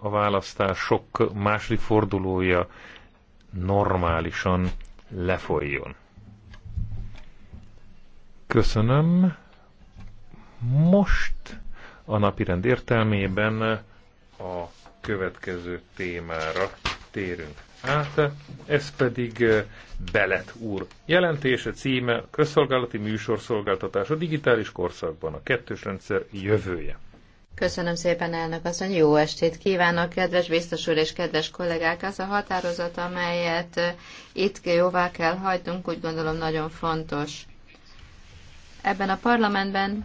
a választások második fordulója normálisan lefolyjon. Köszönöm. Most a napirend értelmében a következő témára térünk át, ez pedig eh, Belet úr jelentése, címe Közszolgálati műsorszolgáltatás a digitális korszakban, a kettős rendszer jövője. Köszönöm szépen, elnök asszony. Jó estét kívánok, kedves biztos úr és kedves kollégák. Az a határozat, amelyet eh, itt jóvá kell hagynunk, úgy gondolom nagyon fontos. Ebben a parlamentben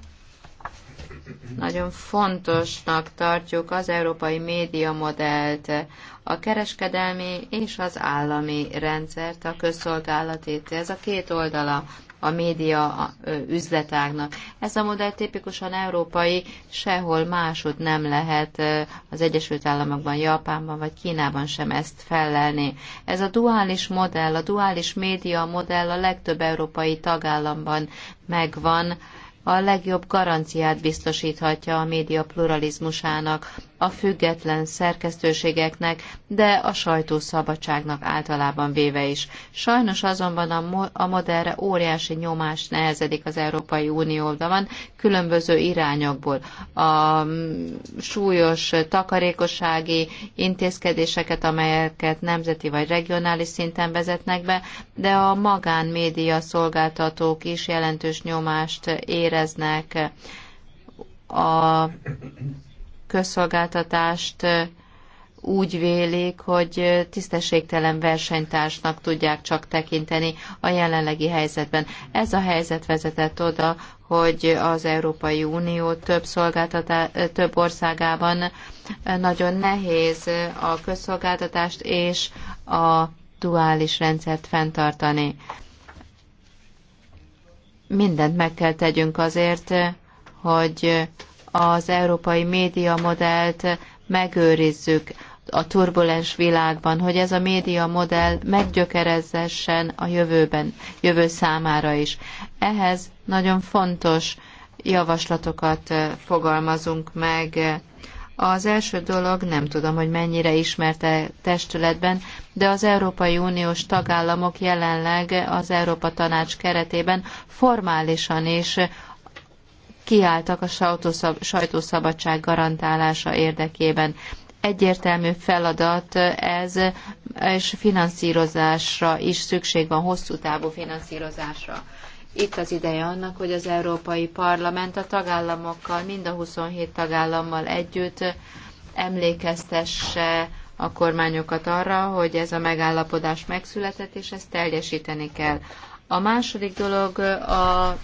nagyon fontosnak tartjuk az európai média modellt, a kereskedelmi és az állami rendszert, a közszolgálatét. Ez a két oldala a média üzletágnak. Ez a modell tipikusan európai, sehol máshogy nem lehet az Egyesült Államokban, Japánban vagy Kínában sem ezt fellelni. Ez a duális modell, a duális média modell a legtöbb európai tagállamban megvan, a legjobb garanciát biztosíthatja a média pluralizmusának a független szerkesztőségeknek, de a sajtószabadságnak általában véve is. Sajnos azonban a, mo- a modellre óriási nyomás nehezedik az Európai Unióban, van különböző irányokból. A mm, súlyos takarékossági intézkedéseket, amelyeket nemzeti vagy regionális szinten vezetnek be, de a magánmédia szolgáltatók is jelentős nyomást éreznek a közszolgáltatást úgy vélik, hogy tisztességtelen versenytársnak tudják csak tekinteni a jelenlegi helyzetben. Ez a helyzet vezetett oda, hogy az Európai Unió több, több országában nagyon nehéz a közszolgáltatást és a duális rendszert fenntartani. Mindent meg kell tegyünk azért, hogy az európai média modellt megőrizzük a turbulens világban, hogy ez a média modell meggyökerezzessen a jövőben, jövő számára is. Ehhez nagyon fontos javaslatokat fogalmazunk meg. Az első dolog, nem tudom, hogy mennyire ismerte testületben, de az Európai Uniós tagállamok jelenleg az Európa Tanács keretében formálisan is kiálltak a sajtószabadság garantálása érdekében. Egyértelmű feladat ez, és finanszírozásra is szükség van, hosszú távú finanszírozásra. Itt az ideje annak, hogy az Európai Parlament a tagállamokkal, mind a 27 tagállammal együtt emlékeztesse a kormányokat arra, hogy ez a megállapodás megszületett, és ezt teljesíteni kell. A második dolog a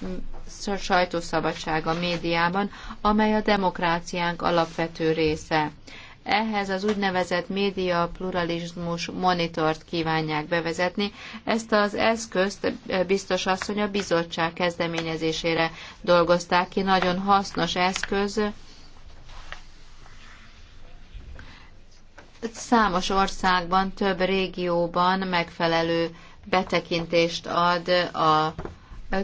sajtószabadság a médiában, amely a demokráciánk alapvető része. Ehhez az úgynevezett média pluralizmus monitort kívánják bevezetni. Ezt az eszközt eh, biztos asszony a bizottság kezdeményezésére dolgozták ki. Nagyon hasznos eszköz. Számos országban, több régióban megfelelő betekintést ad a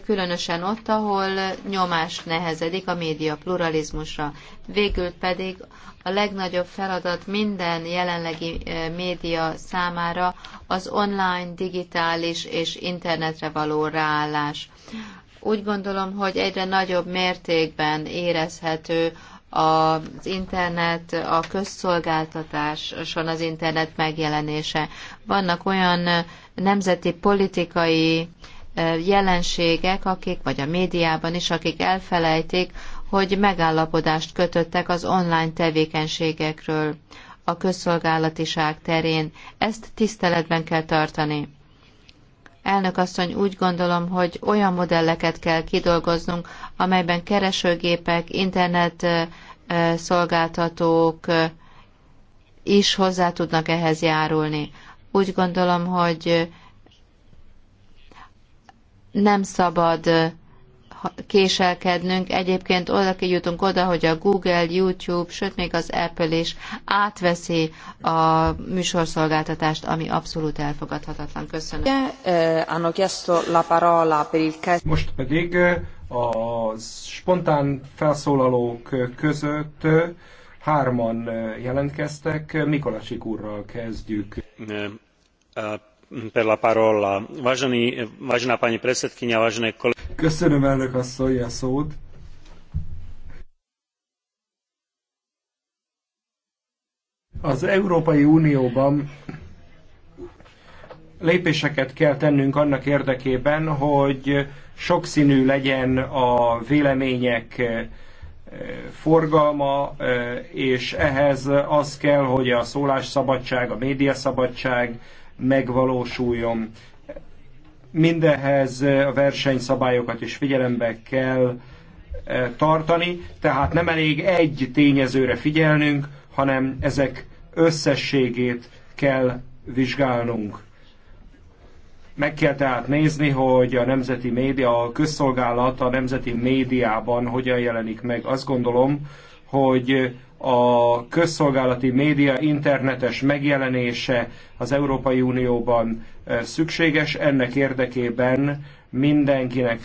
különösen ott, ahol nyomás nehezedik a média pluralizmusra. Végül pedig a legnagyobb feladat minden jelenlegi eh, média számára az online, digitális és internetre való ráállás. Úgy gondolom, hogy egyre nagyobb mértékben érezhető az internet, a közszolgáltatáson az internet megjelenése. Vannak olyan nemzeti politikai jelenségek, akik, vagy a médiában is, akik elfelejtik, hogy megállapodást kötöttek az online tevékenységekről a közszolgálatiság terén. Ezt tiszteletben kell tartani. Elnök asszony, úgy gondolom, hogy olyan modelleket kell kidolgoznunk, amelyben keresőgépek, internet szolgáltatók is hozzá tudnak ehhez járulni. Úgy gondolom, hogy nem szabad késelkednünk. Egyébként oda jutunk oda, hogy a Google, YouTube, sőt még az Apple is átveszi a műsorszolgáltatást, ami abszolút elfogadhatatlan. Köszönöm. Most pedig a spontán felszólalók között hárman jelentkeztek. Mikolasik úrral kezdjük. Nem köszönöm elnök asszony a szót az európai unióban lépéseket kell tennünk annak érdekében hogy sokszínű legyen a vélemények eh, forgalma, eh, és ehhez az kell, hogy a szólásszabadság, a médiaszabadság, megvalósuljon. Mindehhez a versenyszabályokat is figyelembe kell e, tartani, tehát nem elég egy tényezőre figyelnünk, hanem ezek összességét kell vizsgálnunk. Meg kell tehát nézni, hogy a nemzeti média, a közszolgálat a nemzeti médiában hogyan jelenik meg. Azt gondolom, hogy a közszolgálati média internetes megjelenése az Európai Unióban szükséges, ennek érdekében mindenkinek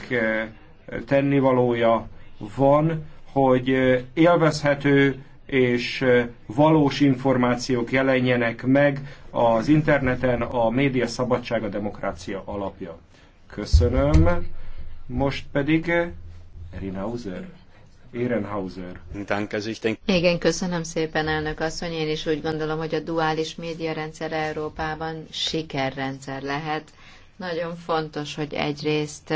tennivalója van, hogy élvezhető és valós információk jelenjenek meg az interneten, a média szabadság a demokrácia alapja. Köszönöm. Most pedig Erina Uzer. Ehrenhauser. Igen, köszönöm szépen, elnök asszony. Én is úgy gondolom, hogy a duális médiarendszer Európában sikerrendszer lehet. Nagyon fontos, hogy egyrészt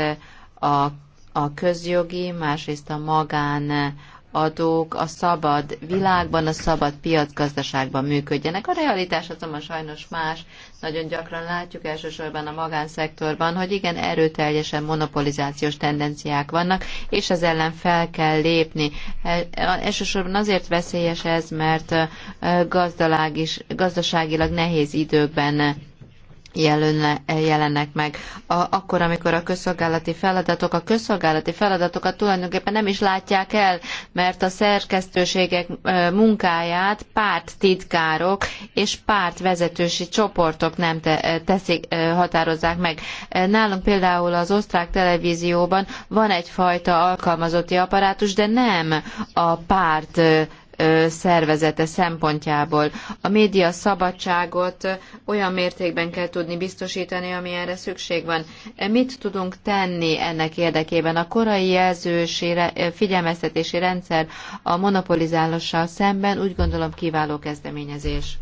a, a közjogi, másrészt a magán adók a szabad világban, a szabad piacgazdaságban működjenek. A realitás azonban sajnos más. Nagyon gyakran látjuk elsősorban a magánszektorban, hogy igen, erőteljesen monopolizációs tendenciák vannak, és ez ellen fel kell lépni. E, e, elsősorban azért veszélyes ez, mert e, gazdalág is, gazdaságilag nehéz időkben jelönne, jelennek meg. A, akkor, amikor a közszolgálati feladatok, a közszolgálati feladatokat tulajdonképpen nem is látják el, mert a szerkesztőségek munkáját párt titkárok és párt vezetősi csoportok nem te, teszik, határozzák meg. Nálunk például az osztrák televízióban van egyfajta alkalmazotti apparátus, de nem a párt szervezete szempontjából. A média szabadságot olyan mértékben kell tudni biztosítani, amilyenre szükség van. E, mit tudunk tenni ennek érdekében? A korai jelzősi figyelmeztetési rendszer a monopolizálással szemben úgy gondolom kiváló kezdeményezés.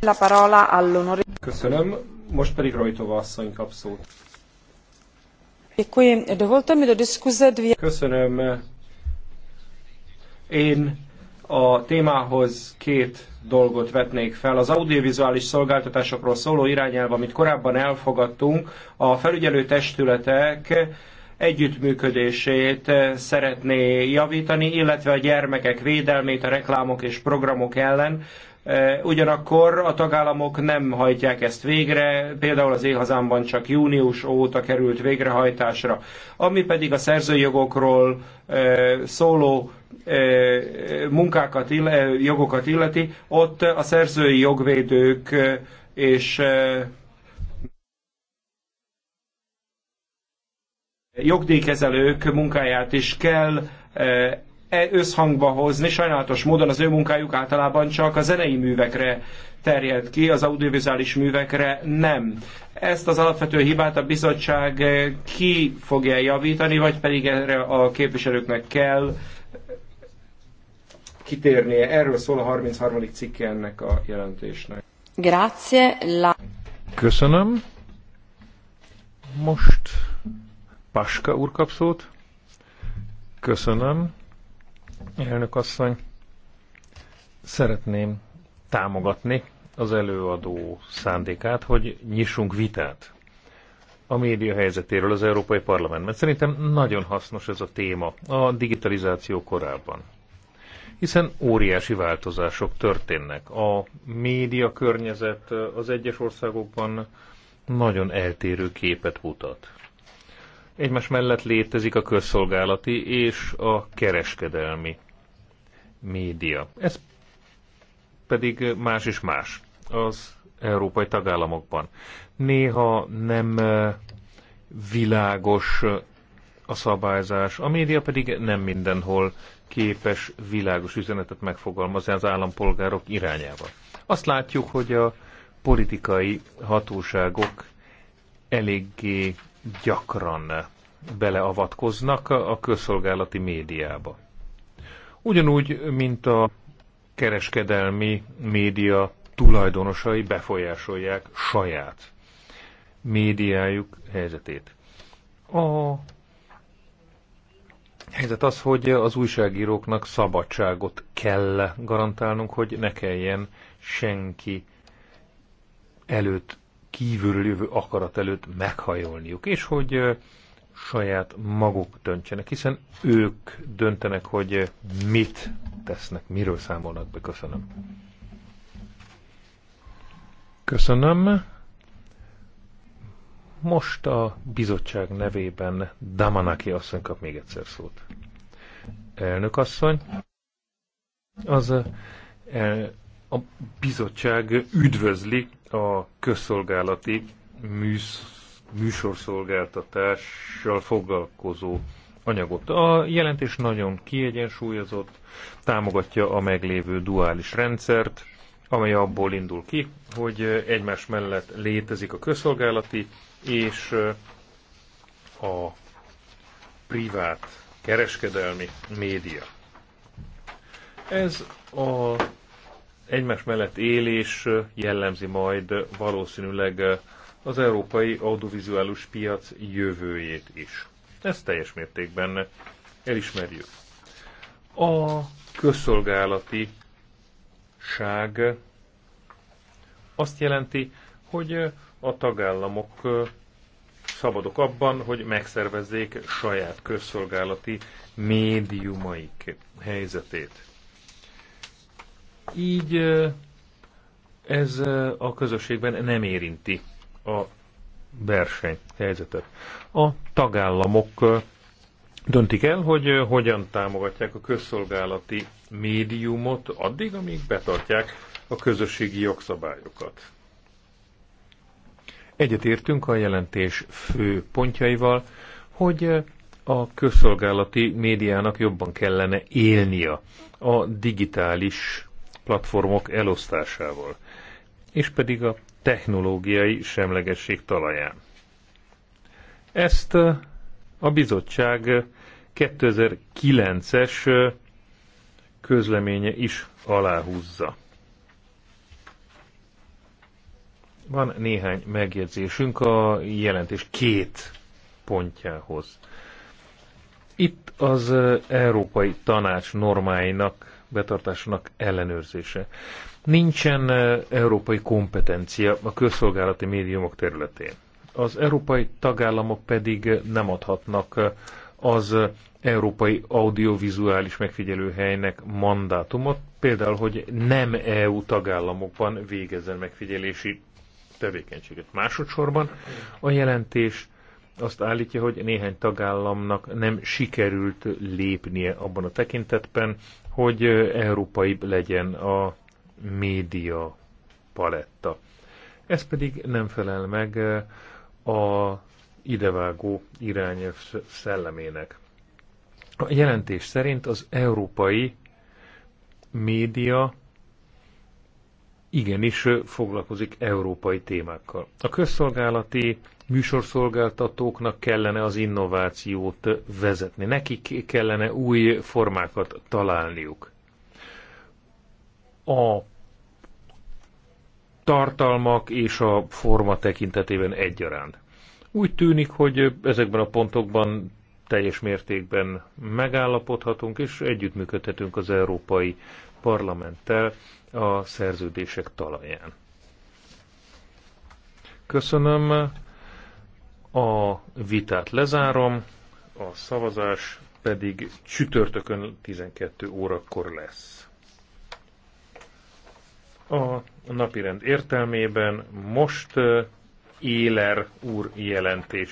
Köszönöm. Most pedig Rojtova asszony kap szót. Köszönöm. Én a témához két dolgot vetnék fel. Az audiovizuális szolgáltatásokról szóló irányelv, amit korábban elfogadtunk, a felügyelő testületek együttműködését szeretné javítani, illetve a gyermekek védelmét a reklámok és programok ellen, Ugyanakkor a tagállamok nem hajtják ezt végre, például az éhazámban csak június óta került végrehajtásra. Ami pedig a szerzői jogokról szóló munkákat, jogokat illeti, ott a szerzői jogvédők és jogdíjkezelők munkáját is kell E összhangba hozni. Sajnálatos módon az ő munkájuk általában csak a zenei művekre terjed ki, az audiovizuális művekre nem. Ezt az alapvető hibát a bizottság ki fogja javítani, vagy pedig erre a képviselőknek kell kitérnie. Erről szól a 33. cikke ennek a jelentésnek. Grazie. La... Köszönöm. Most Paska úr kap szót. Köszönöm. Elnök asszony, szeretném támogatni az előadó szándékát, hogy nyissunk vitát a média helyzetéről az Európai Parlamentben. Szerintem nagyon hasznos ez a téma a digitalizáció korában. Hiszen óriási változások történnek. A média környezet az egyes országokban nagyon eltérő képet mutat egymás mellett létezik a közszolgálati és a kereskedelmi média. Ez pedig más és más az európai tagállamokban. Néha nem eh, világos a szabályzás, a média pedig nem mindenhol képes világos üzenetet megfogalmazni az állampolgárok irányába. Azt látjuk, hogy a politikai hatóságok eléggé gyakran beleavatkoznak a közszolgálati médiába. Ugyanúgy, mint a kereskedelmi média tulajdonosai befolyásolják saját médiájuk helyzetét. A helyzet az, hogy az újságíróknak szabadságot kell garantálnunk, hogy ne kelljen senki előtt kívülről jövő akarat előtt meghajolniuk, és hogy saját maguk döntsenek, hiszen ők döntenek, hogy mit tesznek, miről számolnak be. Köszönöm. Köszönöm. Most a bizottság nevében Damanaki asszony kap még egyszer szót. Elnök asszony, az a bizottság üdvözli a közszolgálati műsz, műsorszolgáltatással foglalkozó anyagot. A jelentés nagyon kiegyensúlyozott, támogatja a meglévő duális rendszert, amely abból indul ki, hogy egymás mellett létezik a közszolgálati és a privát kereskedelmi média. Ez a egymás mellett élés jellemzi majd valószínűleg az európai audiovizuális piac jövőjét is. Ezt teljes mértékben elismerjük. A közszolgálati ság azt jelenti, hogy a tagállamok szabadok abban, hogy megszervezzék saját közszolgálati médiumaik helyzetét. Így ez a közösségben nem érinti a versenyhelyzetet. A tagállamok döntik el, hogy hogyan támogatják a közszolgálati médiumot addig, amíg betartják a közösségi jogszabályokat. Egyetértünk a jelentés fő pontjaival, hogy a közszolgálati médiának jobban kellene élnia a digitális platformok elosztásával, és pedig a technológiai semlegesség talaján. Ezt a bizottság 2009-es közleménye is aláhúzza. Van néhány megjegyzésünk a jelentés két pontjához. Itt az Európai Tanács normáinak betartásának ellenőrzése. Nincsen európai kompetencia a közszolgálati médiumok területén. Az európai tagállamok pedig nem adhatnak az Európai Audiovizuális Megfigyelőhelynek mandátumot, például, hogy nem EU tagállamokban végezzen megfigyelési tevékenységet. Másodszorban a jelentés azt állítja, hogy néhány tagállamnak nem sikerült lépnie abban a tekintetben, hogy európai legyen a média paletta. Ez pedig nem felel meg a idevágó irányelv szellemének. A jelentés szerint az európai média igenis foglalkozik európai témákkal. A közszolgálati műsorszolgáltatóknak kellene az innovációt vezetni, nekik kellene új formákat találniuk. A tartalmak és a forma tekintetében egyaránt. Úgy tűnik, hogy ezekben a pontokban teljes mértékben megállapodhatunk és együttműködhetünk az Európai Parlamenttel a szerződések talaján. Köszönöm. A vitát lezárom, a szavazás pedig csütörtökön 12 órakor lesz. A napirend értelmében most uh, Éler úr jelentés.